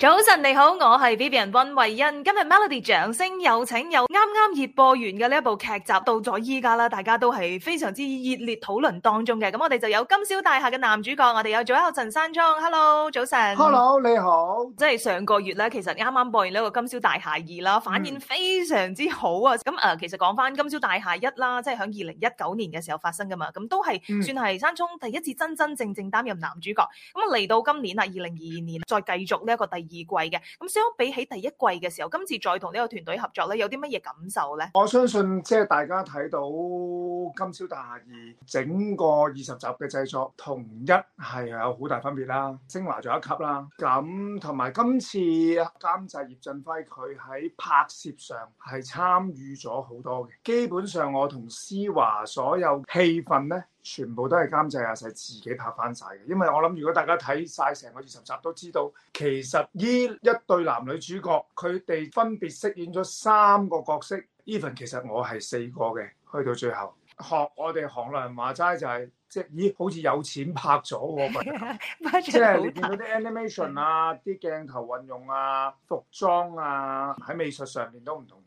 早晨你好，我係 Vivian 溫慧欣。今日 Melody 掌聲有請，有啱啱熱播完嘅呢一部劇集，到咗依家啦，大家都係非常之熱烈討論當中嘅。咁我哋就有金宵大廈嘅男主角，我哋有咗陳山聰。Hello，早晨。Hello，你好。即係上個月咧，其實啱啱播完呢一個金宵大廈二啦，反應非常之好啊。咁誒、嗯呃，其實講翻金宵大廈一啦，即係響二零一九年嘅時候發生噶嘛，咁都係、嗯、算係山聰第一次真真正正擔任男主角。咁嚟到今年啊，二零二二年再繼續呢一個第二。二季嘅，咁相比起第一季嘅時候，今次再同呢個團隊合作咧，有啲乜嘢感受咧？我相信即係大家睇到《金宵大廈二》整個二十集嘅製作，同一係有好大分別啦，昇華咗一級啦。咁同埋今次監製葉振輝佢喺拍攝上係參與咗好多嘅，基本上我同思華所有戲份咧。全部都係監製阿細自己拍翻晒嘅，因為我諗如果大家睇晒成個二十集都知道，其實依一對男女主角佢哋分別飾演咗三個角色。Even 其實我係四個嘅，去到最後，學我哋行內人話齋就係、是，即係咦好似有錢拍咗喎，即係 你見嗰啲 animation 啊，啲 鏡頭運用啊，服裝啊，喺美術上面都唔同。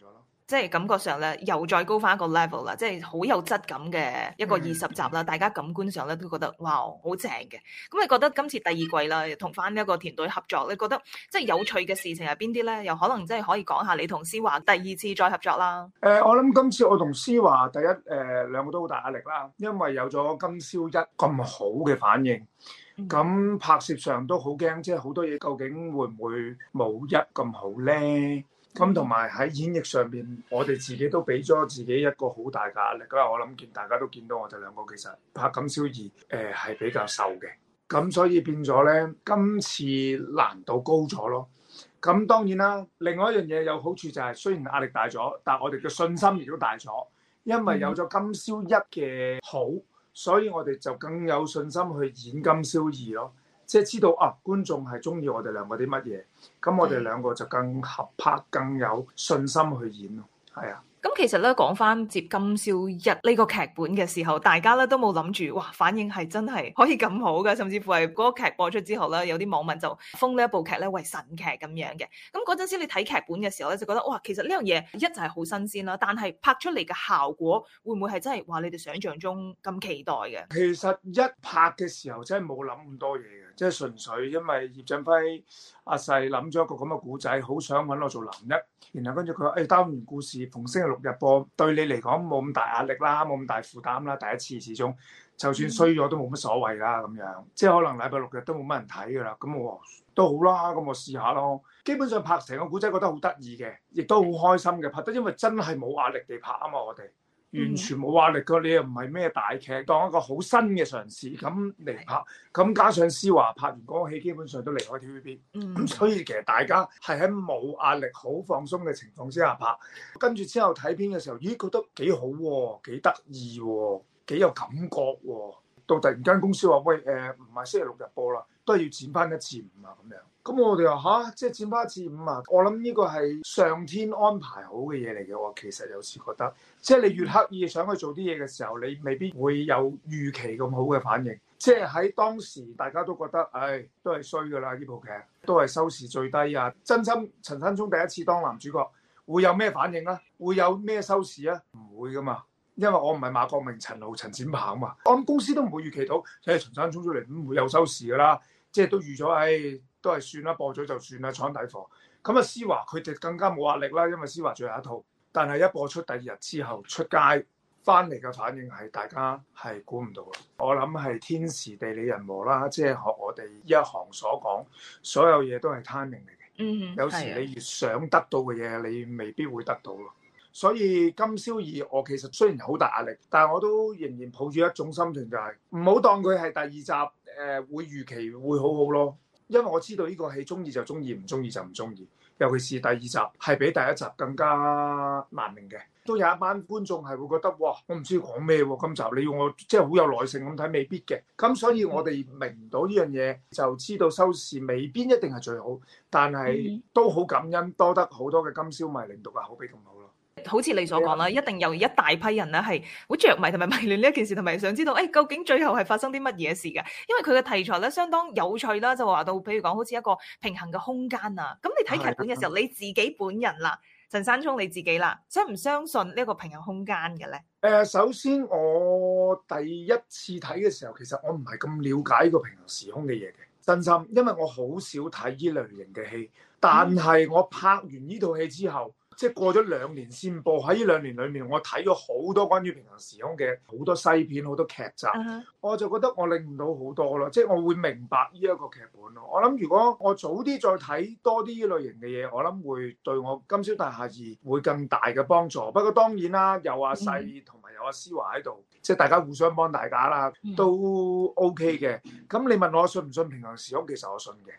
即係感覺上咧，又再高翻一個 level 啦，即係好有質感嘅一個二十集啦。嗯、大家感官上咧，都覺得哇，好正嘅。咁你覺得今次第二季啦，同翻呢一個團隊合作，你覺得即係有趣嘅事情係邊啲咧？又可能即係可以講下你同思華第二次再合作啦。誒、呃，我諗今次我同思華第一誒、呃、兩個都好大壓力啦，因為有咗今宵一咁好嘅反應，咁、嗯、拍攝上都好驚，即係好多嘢究竟會唔會冇一咁好咧？咁同埋喺演繹上面，我哋自己都俾咗自己一個好大嘅壓力啦。我諗見大家都見到，我哋兩個其實拍《金宵二》，誒、呃、係比較瘦嘅，咁所以變咗咧，今次難度高咗咯。咁當然啦，另外一樣嘢有好處就係、是，雖然壓力大咗，但我哋嘅信心亦都大咗，因為有咗《金宵一》嘅好，所以我哋就更有信心去演《金宵二》咯。即係知道啊！觀眾係鍾意我哋兩個啲乜嘢，咁我哋兩個就更合拍，更有信心去演咯，係啊。咁、嗯、其實咧，講翻接《金宵日》呢個劇本嘅時候，大家咧都冇諗住哇，反應係真係可以咁好嘅，甚至乎係嗰個劇播出之後咧，有啲網民就封呢一部劇咧為神劇咁樣嘅。咁嗰陣時你睇劇本嘅時候咧，就覺得哇，其實呢樣嘢一就係好新鮮啦。但係拍出嚟嘅效果會唔會係真係話你哋想像中咁期待嘅？其實一拍嘅時候真係冇諗咁多嘢。即係純粹因為葉振輝阿細諗咗一個咁嘅古仔，好想揾我做男一。然後跟住佢話：誒、哎，當完故事，逢星期六日播，對你嚟講冇咁大壓力啦，冇咁大負擔啦。第一次始終就算衰咗都冇乜所謂啦。咁樣即係可能禮拜六日都冇乜人睇㗎啦。咁我都好啦，咁我試下咯。基本上拍成個古仔覺得好得意嘅，亦都好開心嘅。拍得因為真係冇壓力地拍啊嘛，我哋。完全冇壓力㗎，你又唔係咩大劇，當一個好新嘅嘗試咁嚟拍，咁加上施華拍完嗰個戲基本上都離開 TVB，咁所以其實大家係喺冇壓力、好放鬆嘅情況之下拍，跟住之後睇片嘅時候，咦，覺得幾好喎，幾得意喎，幾有感覺喎，到突然間公司話，喂誒，唔係星期六日播啦。都係要剪翻一次五啊咁樣，咁我哋話嚇，即係剪翻一次五啊！我諗呢個係上天安排好嘅嘢嚟嘅，我其實有時覺得，即係你越刻意想去做啲嘢嘅時候，你未必會有預期咁好嘅反應。即係喺當時大家都覺得，唉、哎，都係衰㗎啦！呢部劇都係收視最低啊！真心陳山聰第一次當男主角，會有咩反應啊？會有咩收視啊？唔會㗎嘛！因為我唔係馬國明、陳豪、陳展鵬啊嘛，我諗公司都唔會預期到，即係從山衝出嚟唔會有收視㗎啦。即係都預咗，唉、哎，都係算啦，播咗就算啦，廠底貨。咁啊，思華佢哋更加冇壓力啦，因為思華最後一套，但係一播出第二日之後出街翻嚟嘅反應係大家係估唔到嘅。我諗係天時地利人和啦，即係學我哋一行所講，所有嘢都係 timing 嚟嘅。嗯、mm，hmm，有時你越想得到嘅嘢，的你未必會得到咯。所以金宵二，我其實雖然好大壓力，但係我都仍然抱住一種心態，就係唔好當佢係第二集，誒會預期會好好咯。因為我知道呢個戲中意就中意，唔中意就唔中意。尤其是第二集係比第一集更加難明嘅，都有一班觀眾係會覺得哇，我唔知講咩喎，今集你要我即係好有耐性咁睇，未必嘅。咁所以我哋明到呢樣嘢，就知道收視未必一定係最好，但係都好感恩，多得好多嘅金宵迷令到個口碑咁好。好似你所講啦，一定有一大批人咧係好着迷同埋迷戀呢一件事，同埋想知道，誒、哎、究竟最後係發生啲乜嘢事嘅？因為佢嘅題材咧相當有趣啦，就話到譬如講，好似一個平行嘅空間啊。咁你睇劇本嘅時候，的你自己本人啦，陳山聰你自己啦，相唔相信呢一個平行空間嘅咧？誒，首先我第一次睇嘅時候，其實我唔係咁了解呢個平行時空嘅嘢嘅，真心，因為我好少睇依類型嘅戲。但係我拍完呢套戲之後，嗯即係過咗兩年先播，喺呢兩年裡面，我睇咗好多關於平行時空嘅好多西片、好多劇集，uh huh。我就覺得我領悟到好多咯。即係我會明白呢一個劇本咯。我諗如果我早啲再睇多啲呢類型嘅嘢，我諗會對我《金宵大廈2》會更大嘅幫助。不過當然啦，有阿細同埋有，有阿思華喺度，即係大家互相幫大家啦，都 OK 嘅。咁你問我信唔信平行時空？其實我信嘅。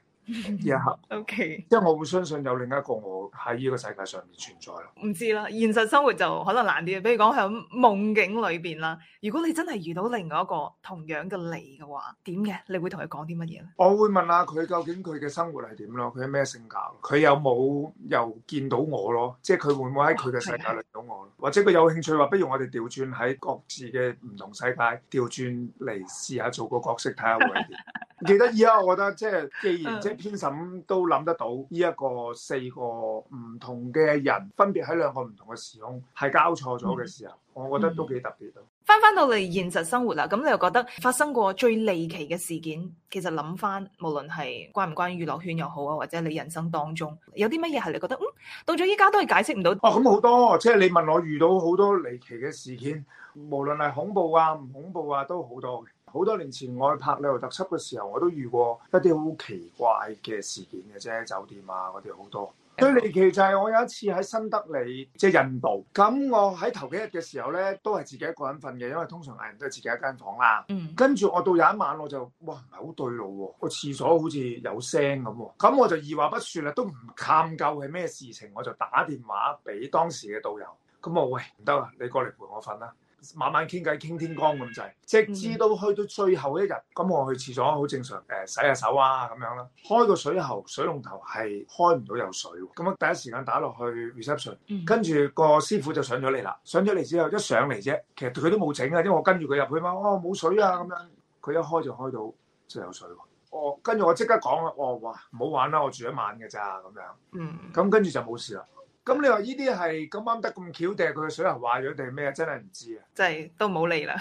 然後，O K，即係我會相信有另一個我喺呢個世界上面存在啦。唔知啦，現實生活就可能難啲。比如講喺夢境裏邊啦，如果你真係遇到另外一個同樣嘅你嘅話，點嘅？你會同佢講啲乜嘢咧？我會問下佢究竟佢嘅生活係點咯？佢係咩性格？佢有冇又見到我咯？即係佢會唔會喺佢嘅世界裏到我？或者佢有興趣話，不如我哋調轉喺各自嘅唔同世界，調轉嚟試下做個角色，睇下會係點。 記得依家，我覺得即係既然即係編審都諗得到呢一個四個唔同嘅人分別喺兩個唔同嘅時空係交錯咗嘅時候，我覺得都幾特別。翻翻、嗯嗯、到嚟現實生活啦，咁你又覺得發生過最離奇嘅事件，其實諗翻，無論係關唔關娛樂圈又好啊，或者你人生當中有啲乜嘢係你覺得嗯到咗依家都係解釋唔到。哦、啊，咁好多，即係你問我遇到好多離奇嘅事件，無論係恐怖啊、唔恐怖啊，都好多。好多年前我去拍旅遊特輯嘅時候，我都遇過一啲好奇怪嘅事件嘅啫，酒店啊嗰啲好多。嗯、最離奇就係我有一次喺新德里，即、就、係、是、印度。咁我喺頭幾日嘅時候咧，都係自己一個人瞓嘅，因為通常藝人都係自己一間房啦。嗯。跟住我到有一晚我，啊，我就哇唔係好對路喎，個廁所好似有聲咁喎、啊。咁我就二話不説啦，都唔探究係咩事情，我就打電話俾當時嘅導遊。咁我喂，唔得啦，你過嚟陪我瞓啦。慢慢傾偈傾天光咁滯，直至到去到最後一日，咁我去廁所好正常，誒、欸、洗下手啊咁樣啦。開個水喉，水龍頭係開唔到有水，咁樣第一時間打落去 reception，跟住個師傅就上咗嚟啦。上咗嚟之後，一上嚟啫，其實佢都冇整啊，因為我跟住佢入去嘛，哦冇水啊咁樣。佢一開就開到就有水喎。哦，跟住我即刻講啦，哦哇唔好玩啦，我住一晚㗎咋咁樣。嗯，咁跟住就冇事啦。咁、嗯嗯、你話呢啲係咁啱得咁巧，定係佢嘅水喉壞咗，定係咩？真係唔知啊！真係都冇理啦。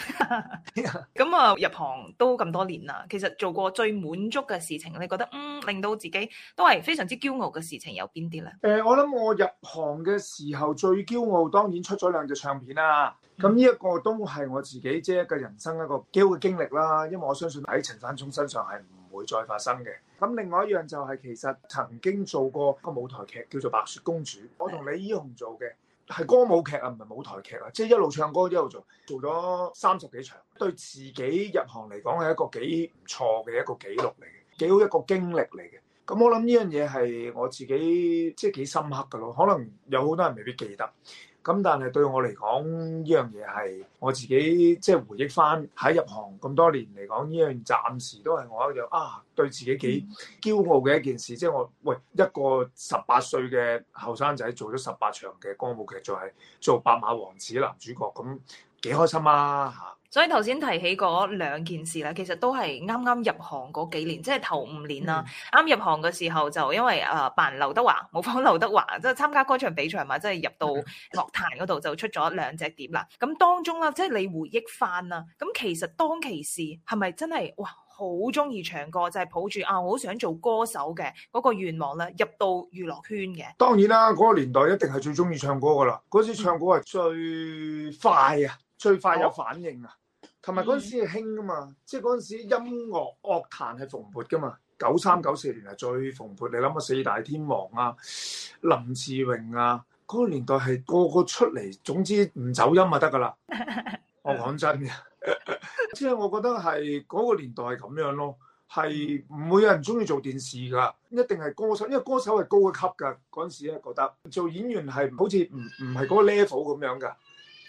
咁啊，入行都咁多年啦，其實做過最滿足嘅事情，你覺得嗯令到自己都係非常之驕傲嘅事情有邊啲咧？誒、欸，我諗我入行嘅時候最驕傲，當然出咗兩隻唱片啦。咁呢一個都係我自己即係一個人生一個驕傲嘅經歷啦。因為我相信喺陳山聰身上係。會再發生嘅。咁另外一樣就係其實曾經做過個舞台劇叫做《白雪公主》，我同李依紅做嘅係歌舞劇啊，唔係舞台劇啊。即係一路唱歌一路做，做咗三十幾場，對自己入行嚟講係一個幾唔錯嘅一個記錄嚟嘅，幾好一個經歷嚟嘅。咁我諗呢樣嘢係我自己即係幾深刻嘅咯。可能有好多人未必記得。咁但係對我嚟講，呢樣嘢係我自己即係回憶翻喺入行咁多年嚟講，呢樣暫時都係我一樣啊對自己幾驕傲嘅一件事，即係我喂一個十八歲嘅後生仔做咗十八場嘅歌舞劇，就係做《白馬王子》男主角咁。幾開心啊！嚇，所以頭先提起嗰兩件事咧，其實都係啱啱入行嗰幾年，嗯、即係頭五年啦。啱、嗯、入行嘅時候就因為誒、呃、扮劉德華，冇講劉德華，即係參加歌唱比賽嘛，即、就、係、是、入到樂壇嗰度就出咗、嗯、兩隻碟啦。咁當中咧，即係你回憶翻啦，咁其實當其時係咪真係哇好中意唱歌，就係、是、抱住啊我好想做歌手嘅嗰個願望咧，入到娛樂圈嘅。當然啦，嗰、那個年代一定係最中意唱歌噶啦。嗰時唱歌係最快啊！最快有反應啊，同埋嗰陣時係興噶嘛，嗯、即係嗰陣時音樂樂壇係蓬勃噶嘛，九三九四年係最蓬勃。你諗下四大天王啊，林志榮啊，嗰、嗰個年代係個個出嚟，總之唔走音就得噶啦。我講真嘅，即 係我覺得係嗰個年代係咁樣咯，係唔會有人中意做電視㗎，一定係歌手，因為歌手係高一級㗎。嗰陣時咧覺得做演員係好似唔唔係嗰個 level 咁樣㗎。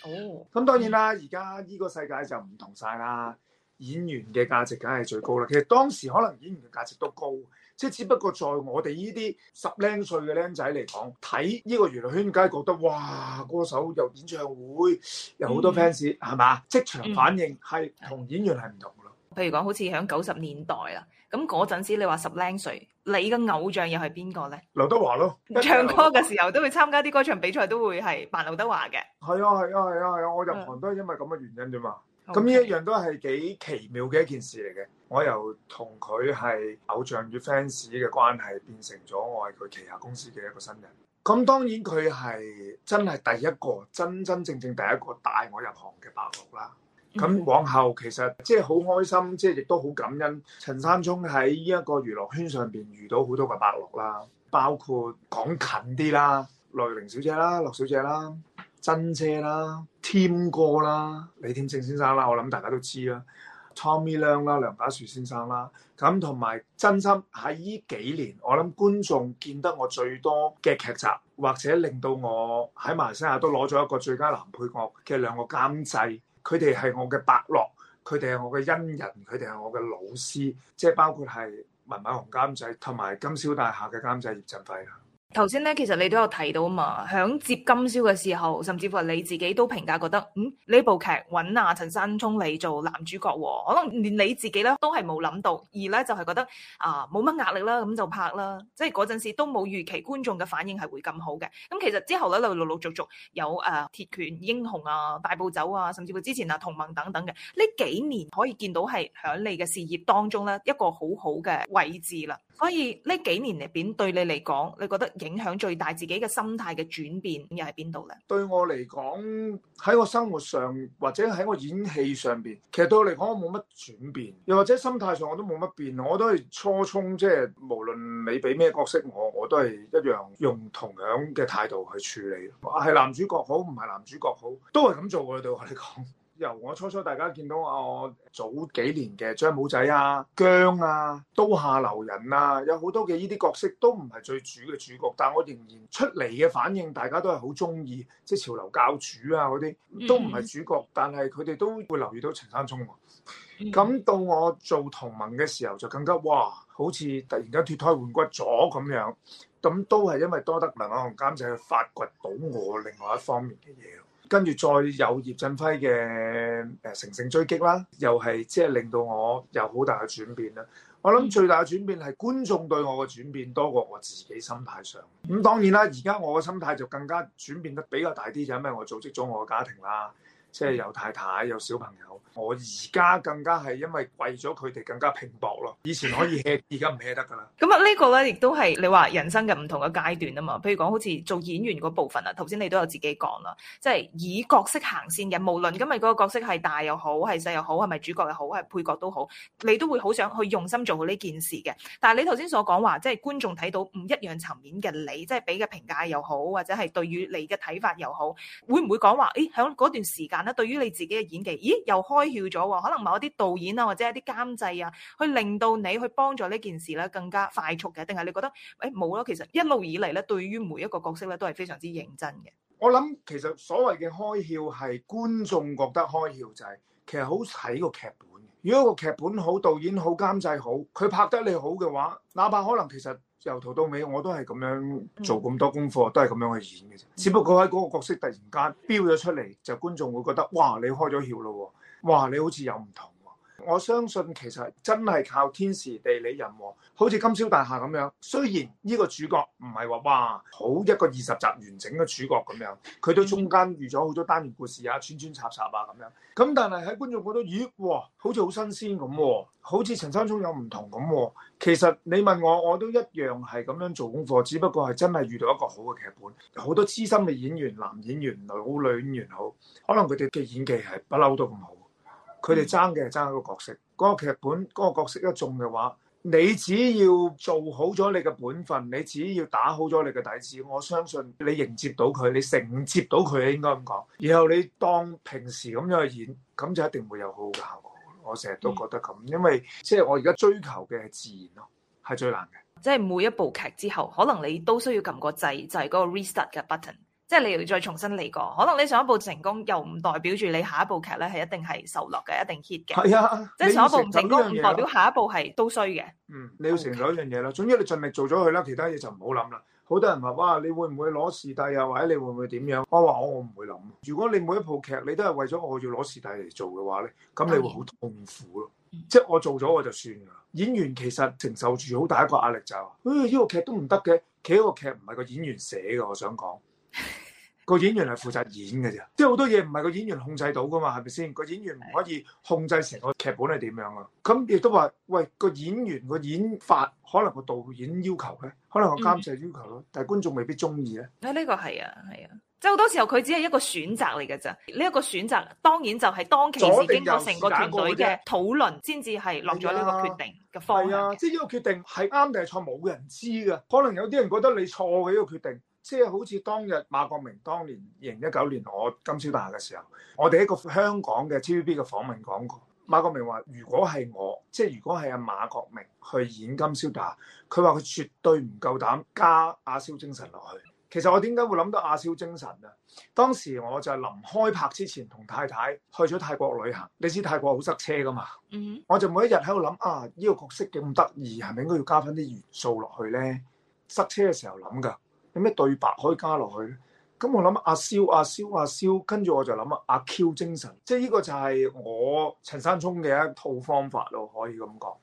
哦，咁當然啦，而家呢個世界就唔同晒啦。演員嘅價值梗係最高啦。其實當時可能演員嘅價值都高，即係只不過在我哋呢啲十零歲嘅僆仔嚟講，睇呢個娛樂圈，梗係覺得哇，歌手又演唱會，有好多 fans 係嘛，即場反應係同演員係唔同嘅咯。嗯嗯嗯、譬如講，好似喺九十年代啊，咁嗰陣時你話十零歲。你嘅偶像又係邊個呢？劉德華咯，華唱歌嘅時候都會參加啲歌唱比賽，都會係扮劉德華嘅。係啊係啊係啊，啊，啊，啊。我入行都係因為咁嘅原因啫嘛。咁呢一樣都係幾奇妙嘅一件事嚟嘅。我由同佢係偶像與 fans 嘅關係，變成咗我係佢旗下公司嘅一個新人。咁當然佢係真係第一個，真真正正第一個帶我入行嘅伯樂啦。咁往後其實即係好開心，即係亦都好感恩陳山聰喺呢一個娛樂圈上邊遇到好多個伯樂啦，包括講近啲啦，樂易玲小姐啦，樂小姐啦，珍姐啦，添哥啦，李添勝先生啦，我諗大家都知啦，Tommy Leung 啦，梁家樹先生啦，咁同埋真心喺呢幾年，我諗觀眾見得我最多嘅劇集，或者令到我喺馬來西亞都攞咗一個最佳男配角嘅兩個監製。佢哋係我嘅伯樂，佢哋係我嘅恩人，佢哋係我嘅老師，即係包括係文偉鴻監製同埋金宵大廈嘅監製葉振輝。頭先咧，其實你都有提到嘛，響接金宵嘅時候，甚至乎你自己都評價覺得，嗯呢部劇揾阿陳山聰嚟做男主角喎、哦，可能連你自己咧都係冇諗到，而咧就係、是、覺得啊冇乜壓力啦，咁就拍啦，即係嗰陣時都冇預期觀眾嘅反應係會咁好嘅。咁、嗯、其實之後咧，就陸陸續續有誒、呃《鐵拳英雄》啊，《大步走》啊，甚至乎之前啊《同盟》等等嘅，呢幾年可以見到係響你嘅事業當中咧一個好好嘅位置啦。所以呢幾年嚟邊對你嚟講，你覺得影響最大、自己嘅心態嘅轉變又係邊度咧？對我嚟講，喺我生活上或者喺我演戲上邊，其實對我嚟講，我冇乜轉變，又或者心態上我都冇乜變。我都係初衷，即係無論你俾咩角色我，我我都係一樣用同樣嘅態度去處理。係男主角好，唔係男主角好，都係咁做嘅，對我嚟講。由我初初大家見到我，我早幾年嘅張武仔啊、姜啊、刀下留人啊，有好多嘅依啲角色都唔係最主嘅主角，但係我仍然出嚟嘅反應，大家都係好中意，即係潮流教主啊嗰啲都唔係主角，但係佢哋都會留意到陳山聰喎、啊。咁到我做同盟嘅時候，就更加哇，好似突然間脫胎換骨咗咁樣，咁都係因為多得林漢紅監製去發掘到我另外一方面嘅嘢。跟住再有葉振輝嘅誒乘勝追擊啦，又係即係令到我有好大嘅轉變啦。我諗最大嘅轉變係觀眾對我嘅轉變多過我自己心態上。咁、嗯、當然啦，而家我嘅心態就更加轉變得比較大啲，就因為我組織咗我嘅家庭啦。即係有太太有小朋友，我而家更加係因為為咗佢哋更加拼搏咯。以前可以 hea， 而家唔 hea 得噶啦。咁啊，呢個咧亦都係你話人生嘅唔同嘅階段啊嘛。譬如講好似做演員嗰部分啊，頭先你都有自己講啦，即係以角色行先嘅，無論今日嗰個角色係大又好係細又好，係咪主角又好係配角都好，你都會好想去用心做好呢件事嘅。但係你頭先所講話，即係觀眾睇到唔一樣層面嘅你，即係俾嘅評價又好，或者係對於你嘅睇法又好，會唔會講話，誒、哎，響嗰段時間。啦，對於你自己嘅演技，咦，又開竅咗喎？可能某一啲導演啊，或者一啲監製啊，去令到你去幫助呢件事咧，更加快速嘅，定係你覺得？誒、欸，冇啦。其實一路以嚟咧，對於每一個角色咧，都係非常之認真嘅。我諗其實所謂嘅開竅係觀眾覺得開竅、就係，就係其實好睇個劇本。如果個劇本好，導演好，監製好，佢拍得你好嘅話，哪怕可能其實。由頭到尾我都係咁樣做，咁多功課都係咁樣去演嘅啫。只不過喺嗰個角色突然間飆咗出嚟，就觀眾會覺得哇，你開咗竅咯，哇，你好似有唔同。我相信其實真係靠天時地利人和、哦，好似金宵大廈咁樣。雖然呢個主角唔係話哇，好一個二十集完整嘅主角咁樣，佢都中間遇咗好多單元故事啊、穿穿插插啊咁樣。咁但係喺觀眾覺得，咦，哇，好似好新鮮咁，好似陳山聰有唔同咁。其實你問我，我都一樣係咁樣做功課，只不過係真係遇到一個好嘅劇本，好多資深嘅演員，男演員好，女演員好，可能佢哋嘅演技係不嬲都唔好。佢哋爭嘅係爭一個角色，嗰個劇本、嗰個角色一重嘅話，你只要做好咗你嘅本分，你只要打好咗你嘅底子，我相信你迎接到佢，你承接到佢應該咁講。然後你當平時咁樣去演，咁就一定會有好好嘅效果。我成日都覺得咁，因為即係我而家追求嘅係自然咯，係最難嘅、嗯。即係每一部劇之後，可能你都需要撳個掣，就係、是、嗰個 restart 嘅 button。即係你要再重新嚟過，可能你上一部成功又唔代表住你下一部劇咧係一定係受落嘅，一定 hit 嘅。係啊的，即係上一部唔成功，唔代表下一部係都衰嘅。嗯，你要承受一樣嘢咯。Okay. 總之你盡力做咗佢啦，其他嘢就唔好諗啦。好多人話哇，你會唔會攞視帝啊？或者你會唔會點樣？我話我我唔會諗。如果你每一部劇你都係為咗我要攞視帝嚟做嘅話咧，咁你會好痛苦咯。的即係我做咗我就算㗎喇。演員其實承受住好大一個壓力就係、是、話，呢、哎這個劇都唔得嘅，其實一個劇唔係個演員寫嘅，我想講。個演員係負責演嘅啫，即係好多嘢唔係個演員控制到噶嘛，係咪先？個演員唔可以控制成個劇本係點樣啊？咁亦都話，喂，個演員個演法，可能個導演要求咧，可能個監製要求咯，但係觀眾未必中意咧。嗯這個、啊，呢個係啊，係、這個、啊，啊，即係好多時候佢只係一個選擇嚟嘅咋，呢一個選擇當然就係當其時經過成個團隊嘅討論，先至係落咗呢個決定嘅方案。係啊，即係呢個決定係啱定係錯，冇人知噶。可能有啲人覺得你錯嘅呢個決定。即係好似當日馬國明當年二零一九年我金宵大嘅時候，我哋一個香港嘅 TVB 嘅訪問講過，馬國明話：如果係我，即係如果係阿馬國明去演金宵大，佢話佢絕對唔夠膽加阿蕭精神落去。其實我點解會諗到阿蕭精神啊？當時我就係臨開拍之前同太太去咗泰國旅行，你知泰國好塞車噶嘛？嗯，我就每一日喺度諗啊，呢個角色咁得意，係咪應該要加翻啲元素落去咧？塞車嘅時候諗㗎。有咩對白可以加落去咧？咁我諗阿蕭、阿、啊、蕭、阿、啊、蕭，跟、啊、住我就諗啊，阿 Q 精神，即係呢個就係我陳山聰嘅一套方法咯，我可以咁講。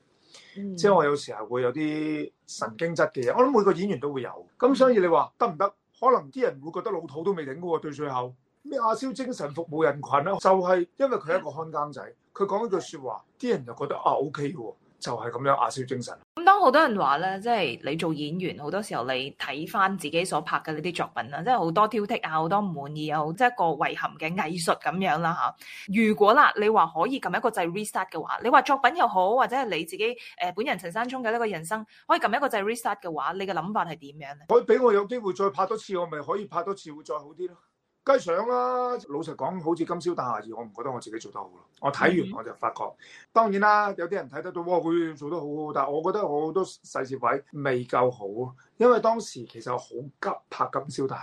嗯、即係我有時候會有啲神經質嘅嘢，我諗每個演員都會有。咁所以你話得唔得？可能啲人會覺得老土都未頂嘅喎，對最後咩阿蕭精神服務人群，咧，就係、是、因為佢係一個看更仔，佢講一句説話，啲人就覺得啊，OK 喎。就係咁樣亞少精神。咁當好多人話咧，即係你做演員，好多時候你睇翻自己所拍嘅呢啲作品啦，即係好多挑剔啊，好多唔滿意又、啊、即係一個遺憾嘅藝術咁樣啦嚇。如果啦，你話可以撳一個掣 reset 嘅話，你話作品又好，或者係你自己誒、呃、本人陳山聰嘅呢個人生，可以撳一個掣 reset 嘅話，你嘅諗法係點樣咧？可以俾我有機會再拍多次，我咪可以拍多次會再好啲咯。梗係想啦，老實講，好似《金宵大廈二》，我唔覺得我自己做得好咯。我睇完我就發覺，當然啦，有啲人睇得到，哇，佢做得好好，但係我覺得好多細節位未夠好。因為當時其實我好急拍《金宵大廈》，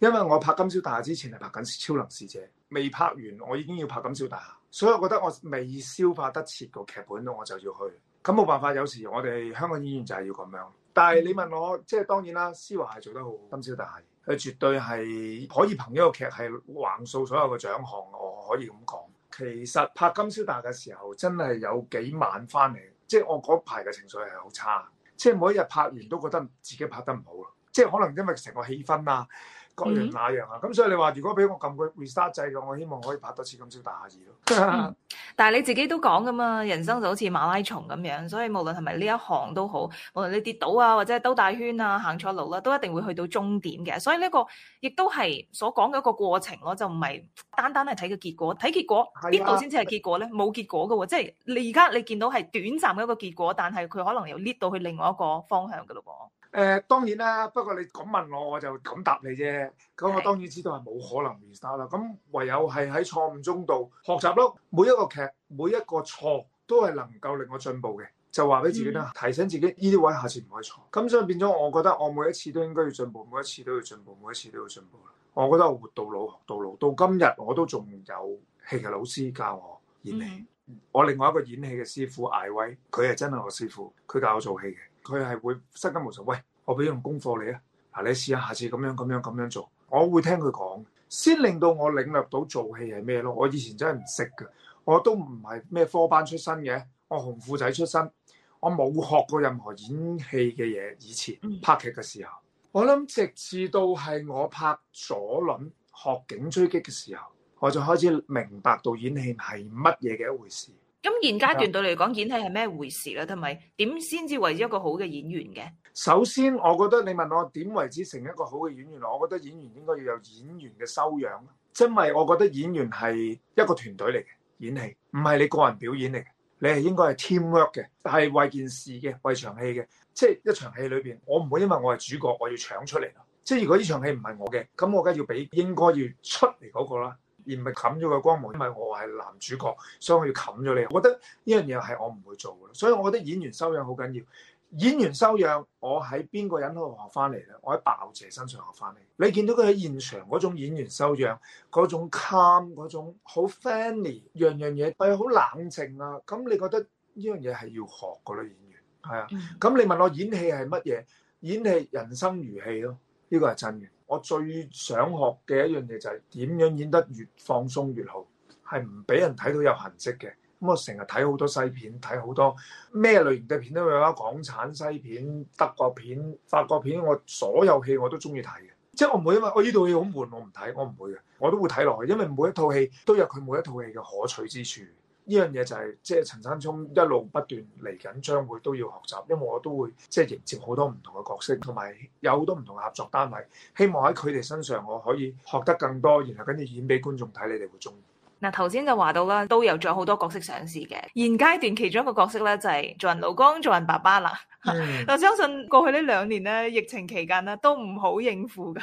因為我拍《金宵大廈》之前係拍緊《超能使者》，未拍完，我已經要拍《金宵大廈》，所以我覺得我未消化得切個劇本咯，我就要去。咁冇辦法，有時我哋香港演員就係要咁樣。但係你問我，即係、嗯、當然啦，思華係做得好，《金宵大廈佢絕對係可以憑一個劇係橫掃所有個獎項，我可以咁講。其實拍《金宵大廈》嘅時候，真係有幾晚翻嚟，即係我嗰排嘅情緒係好差，即係每一日拍完都覺得自己拍得唔好咯，即係可能因為成個氣氛啊。咁樣那樣啊，咁、嗯、所以你話如果俾我撳個 restart 掣，嘅，我希望可以拍多次咁少打字。咯、 啊。但係你自己都講噶嘛，人生就好似馬拉松咁樣，所以無論係咪呢一行都好，無論你跌倒啊或者兜大圈啊行錯路啦、啊，都一定會去到終點嘅。所以呢個亦都係所講嘅一個過程咯，就唔係單單係睇個結果。睇結果邊度先至係結果咧？冇結果嘅喎，即係你而家你見到係短暫嘅一個結果，但係佢可能又 lift 到去另外一個方向嘅嘞噃。誒、呃、當然啦，不過你咁問我，我就咁答你啫。咁我當然知道係冇可能 restart 啦。咁唯有係喺錯誤中度學習咯。每一個劇，每一個錯都係能夠令我進步嘅。就話俾自己啦，嗯、提醒自己呢啲位下次唔可以錯。咁所以變咗，我覺得我每一次都應該要進步，每一次都要進步，每一次都要進步啦。我覺得我活到老學到老，到今日我都仲有戲劇老師教我演戲。嗯、我另外一個演戲嘅師傅艾威，佢係真係我師傅，佢教我做戲嘅。佢係會失兼無數，喂，我俾用功課你啊，嗱，你試下下次咁樣咁樣咁樣做。我會聽佢講，先令到我領略到做戲係咩咯。我以前真係唔識㗎，我都唔係咩科班出身嘅，我紅褲仔出身，我冇學過任何演戲嘅嘢。以前拍劇嘅時候，我諗直至到係我拍左輪、學警狙擊嘅時候，我就開始明白到演戲係乜嘢嘅一回事。咁現階段對嚟講演戲係咩回事咧？同埋點先至為一個好嘅演員嘅？首先，我覺得你問我點為之成一個好嘅演員，我覺得演員應該要有演員嘅修養。因為我覺得演員係一個團隊嚟嘅，演戲唔係你個人表演嚟嘅，你係應該係 teamwork 嘅，係為件事嘅，為場戲嘅。即係一場戲、就是、裏邊，我唔會因為我係主角，我要搶出嚟。即、就、係、是、如果呢場戲唔係我嘅，咁我梗係要俾，應該要出嚟嗰、那個啦。而唔係冚咗個光芒，因為我係男主角，所以我要冚咗你。我覺得呢樣嘢係我唔會做嘅，所以我覺得演員修養好緊要。演員修養，我喺邊個人度學翻嚟咧？我喺爆姐身上學翻嚟。你見到佢喺現場嗰種演員修養，嗰種 calm，嗰種好 friendly，樣樣嘢，佢好冷靜啊。咁你覺得呢樣嘢係要學嘅咧？演員係啊。咁你問我演戲係乜嘢？演戲人生如戲咯，呢個係真嘅。我最想學嘅一樣嘢就係點樣演得越放鬆越好，係唔俾人睇到有痕跡嘅。咁我成日睇好多西片，睇好多咩類型嘅片都有啦，港產西片、德國片、法國片，我所有戲我都中意睇嘅。即係我唔會因為我呢套戲好悶，我唔睇，我唔會嘅。我都會睇落去，因為每一套戲都有佢每一套戲嘅可取之處。呢樣嘢就係即係陳山聰一路不斷嚟緊，將會都要學習，因為我都會即係、就是、迎接好多唔同嘅角色，同埋有好多唔同嘅合作單位，希望喺佢哋身上我可以學得更多，然後跟住演俾觀眾睇，你哋會中意。嗱，頭先就話到啦，都有咗好多角色上市嘅，現階段其中一個角色咧就係做人老公、做人爸爸啦。嗱，相信過去呢兩年咧，疫情期間咧都唔好應付噶，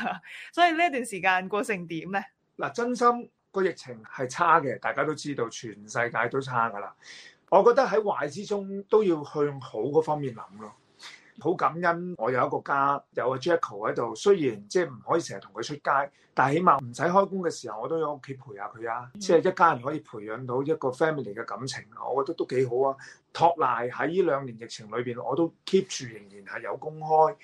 所以呢段時間過成點咧？嗱，真心。個疫情係差嘅，大家都知道，全世界都差噶啦。我覺得喺壞之中都要向好嗰方面諗咯。好感恩我有一個家，有阿 Jacko 喺度。雖然即係唔可以成日同佢出街，但係起碼唔使開工嘅時候，我都有屋企陪下佢啊。即係一家人可以培養到一個 family 嘅感情，我覺得都幾好啊。托賴喺呢兩年疫情裏邊，我都 keep 住仍然係有工開。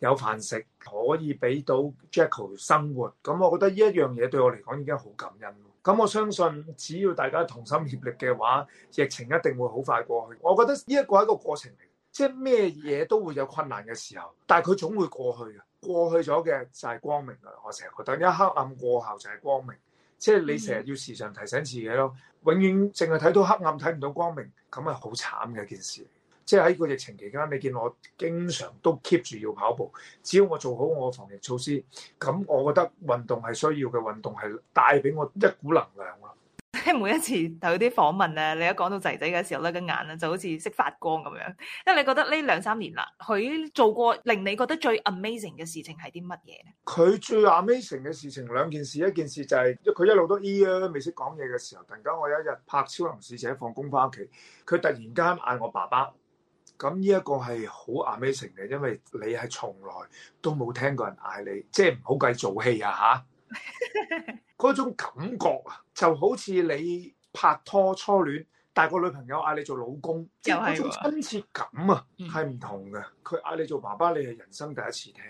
有飯食可以俾到 Jacko 生活，咁我覺得呢一樣嘢對我嚟講已經好感恩咯。咁我相信只要大家同心協力嘅話，疫情一定會好快過去。我覺得呢一個係一個過程嚟，即係咩嘢都會有困難嘅時候，但係佢總會過去嘅。過去咗嘅就係光明嘅，我成日覺得一黑暗過後就係光明，即係你成日要時常提醒自己咯。永遠淨係睇到黑暗，睇唔到光明，咁係好慘嘅一件事。即係喺個疫情期間，你見我經常都 keep 住要跑步。只要我做好我嘅防疫措施，咁我覺得運動係需要嘅，運動係帶俾我一股能量咯。你每一次有啲訪問咧，你一講到仔仔嘅時候咧，眼咧就好似識發光咁樣。因為你覺得呢兩三年啦，佢做過令你覺得最 amazing 嘅事情係啲乜嘢咧？佢最 amazing 嘅事情兩件事，一件事就係、是、佢一路都 E，咿未識講嘢嘅時候，突然間我有一日拍超能使者放工翻屋企，佢突然間嗌我爸爸。咁呢一個係好 amazing 嘅，因為你係從來都冇聽過人嗌你，即係唔好計做戲啊嚇，嗰 種感覺啊，就好似你拍拖初戀，但係個女朋友嗌你做老公， 就係嗰種親切感啊，係唔 同嘅。佢嗌你做爸爸，你係人生第一次聽。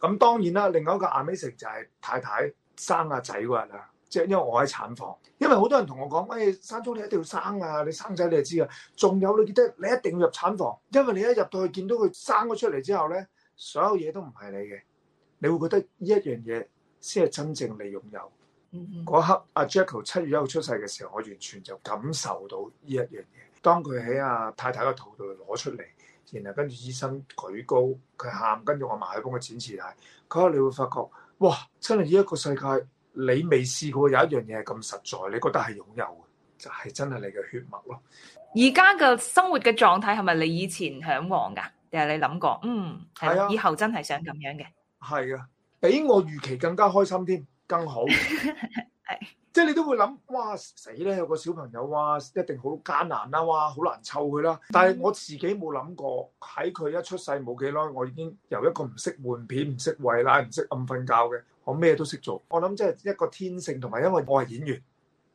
咁當然啦，另外一個 amazing 就係太太生阿仔嗰日啦。即係因為我喺產房，因為好多人同我講：喂、哎，山中你一定要生啊！你生仔你就知啊。」仲有你記得，你一定要入產房，因為你一入到去見到佢生咗出嚟之後咧，所有嘢都唔係你嘅。你會覺得呢一樣嘢先係真正你擁有。嗰、mm hmm. 刻阿 Jackal 七月一號出世嘅時候，我完全就感受到呢一樣嘢。當佢喺阿太太個肚度攞出嚟，然後跟住醫生舉高佢喊，跟住我埋去幫佢剪臍帶，嗰刻你會發覺，哇！真係呢一個世界。你未試過有一樣嘢係咁實在，你覺得係擁有嘅，就係、是、真係你嘅血脈咯。而家嘅生活嘅狀態係咪你以前嚮往㗎？定係你諗過，嗯，係啊，的以後真係想咁樣嘅。係啊，比我預期更加開心添，更好。係 的，即係你都會諗，哇死咧！有個小朋友啊，一定好艱難啦，啊，哇，好難湊佢啦。但係我自己冇諗過，喺佢一出世冇幾耐，我已經由一個唔識換片、唔識餵奶、唔識暗瞓覺嘅。我咩都識做，我諗即係一個天性，同埋因為我係演員，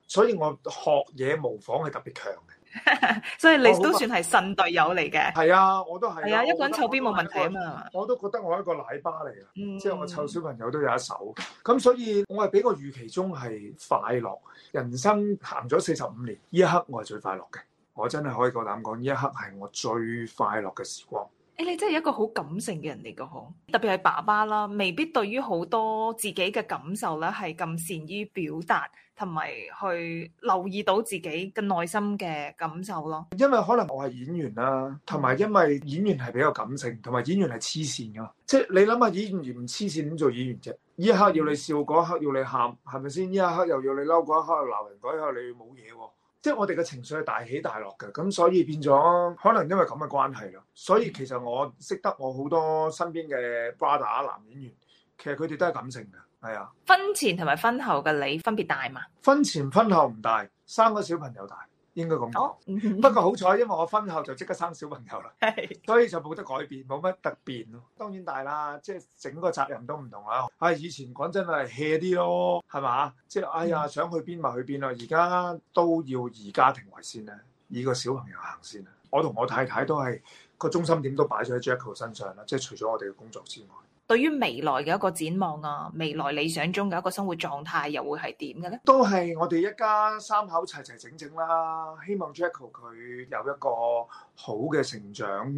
所以我學嘢模仿係特別強嘅。 所以你都算係神隊友嚟嘅。係啊，我都係。係啊，一個人湊邊冇問題啊嘛。我都覺得我係一個奶爸嚟嘅，即係、嗯、我湊小朋友都有一手。咁所以，我係比個預期中係快樂。人生行咗四十五年，依一刻我係最快樂嘅。我真係可以夠膽講，依一刻係我最快樂嘅時光。誒，你真係一個好感性嘅人嚟嘅，嗬，特別係爸爸啦，未必對於好多自己嘅感受咧係咁善於表達，同埋去留意到自己嘅內心嘅感受咯。因為可能我係演員啦，同埋因為演員係比較感性，同埋演員係黐線㗎嘛。即係你諗下，演員唔黐線點做演員啫？一刻要你笑，嗰一刻要你喊，係咪先？一刻又要你嬲，嗰一刻鬧人，嗰一刻你冇嘢喎。即係我哋嘅情緒係大起大落嘅，咁所以變咗可能因為咁嘅關係咯。所以其實我識得我好多身邊嘅 brother 男演員，其實佢哋都係感性嘅，係啊。婚前同埋婚後嘅你分別大嘛？婚前婚後唔大，生個小朋友大。應該咁講， 不過好彩，因為我婚後就即刻生小朋友啦， 所以就冇得改變，冇乜特別咯。當然大啦，即係整個責任都唔同啦。哎，以前講真係 hea 啲咯，係嘛？即係哎呀，想去邊咪去邊咯。而家都要以家庭為先啦，以個小朋友行先啦。我同我太太都係個中心點都擺咗喺 Jacko 身上啦，即係除咗我哋嘅工作之外。對於未來嘅一個展望啊，未來理想中嘅一個生活狀態又會係點嘅呢？都係我哋一家三口齊齊整整啦。希望 Jacko 佢有一個好嘅成長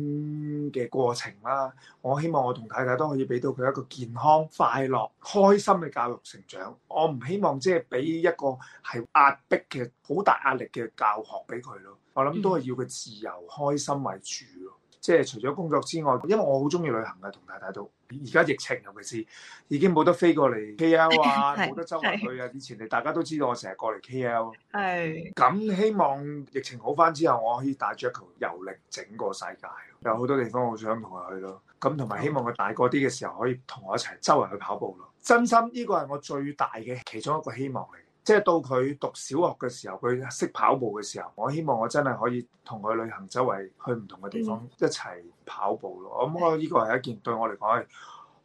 嘅過程啦。我希望我同太太都可以俾到佢一個健康、快樂、開心嘅教育成長。我唔希望即係俾一個係壓迫嘅好大壓力嘅教學俾佢咯。我諗都係要佢自由、開心為主咯。嗯即係除咗工作之外，因為我好中意旅行嘅，同大大都而家疫情尤其是已經冇得飛過嚟 KL 啊，冇 得周圍去啊。 以前你大家都知道我 L, 嗯，我成日過嚟 KL。係咁希望疫情好返之後，我可以帶 Jacky 遊歷整個世界，有好多地方我想同佢去咯。咁同埋希望佢大個啲嘅時候，可以同我一齊周圍去跑步咯。真心呢個係我最大嘅其中一個希望嚟。即係到佢讀小學嘅時候，佢識跑步嘅時候，我希望我真係可以同佢旅行，周圍去唔同嘅地方一齊跑步咯。我諗我呢個係一件對我嚟講係。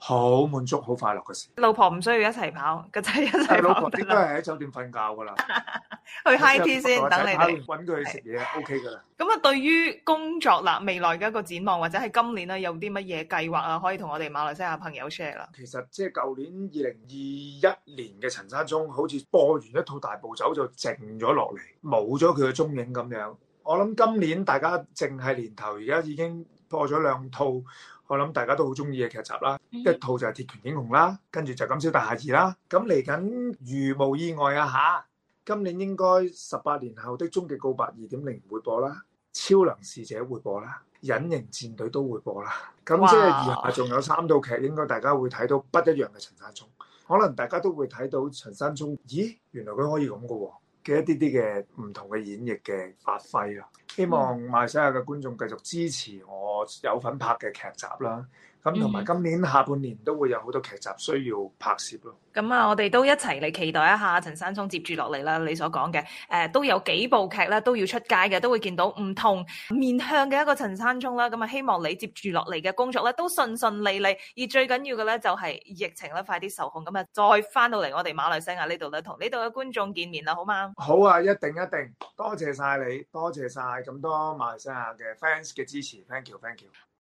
好滿足、好快樂嘅事。老婆唔需要一齊跑，個仔一齊跑得啦。老婆應該係喺酒店瞓覺㗎啦。 去 high tea 先，等你哋搵佢去食嘢是，OK 㗎的啦。咁啊，對於工作啦，未來嘅一個展望，或者係今年咧有啲乜嘢計劃啊，可以同我哋馬來西亞朋友 share 啦。其實即係舊年二零二一年嘅陳山聰，好似播完一套大步走就靜咗落嚟，冇咗佢嘅蹤影咁樣。我諗今年大家淨係年頭，而家已經，播咗兩套，我諗大家都好中意嘅劇集啦。Mm hmm. 一套就係、係《鐵拳英雄》啦，跟住就係《金宵大廈二》啦。咁嚟緊如無意外啊嚇，今年應該十八年後的《終極告白二點零》會播啦，《超能使者》會播啦，《隱形戰隊》都會播啦。咁 Wow. 即係以下仲有三套劇，應該大家會睇到不一樣嘅陳山聰。可能大家都會睇到陳山聰，咦？原來佢可以咁嘅喎嘅一啲啲嘅唔同嘅演繹嘅發揮啦。希望馬來西亞嘅觀眾繼續支持我有份拍嘅劇集啦。咁同埋今年下半年都會有好多劇集需要拍攝咯。咁啊，我哋都一齊嚟期待一下陳山聰接住落嚟啦！你所講嘅，誒都有幾部劇咧都要出街嘅，都會見到唔同面向嘅一個陳山聰啦。咁啊，希望你接住落嚟嘅工作咧都順順利利，而最緊要嘅咧就係疫情咧快啲受控，咁啊再翻到嚟我哋馬來西亞呢度咧，同呢度嘅觀眾見面啦，好嗎？好啊，一定一定，多謝晒你，多謝晒咁多馬來西亞嘅 fans 嘅支持，thank you，thank you。You.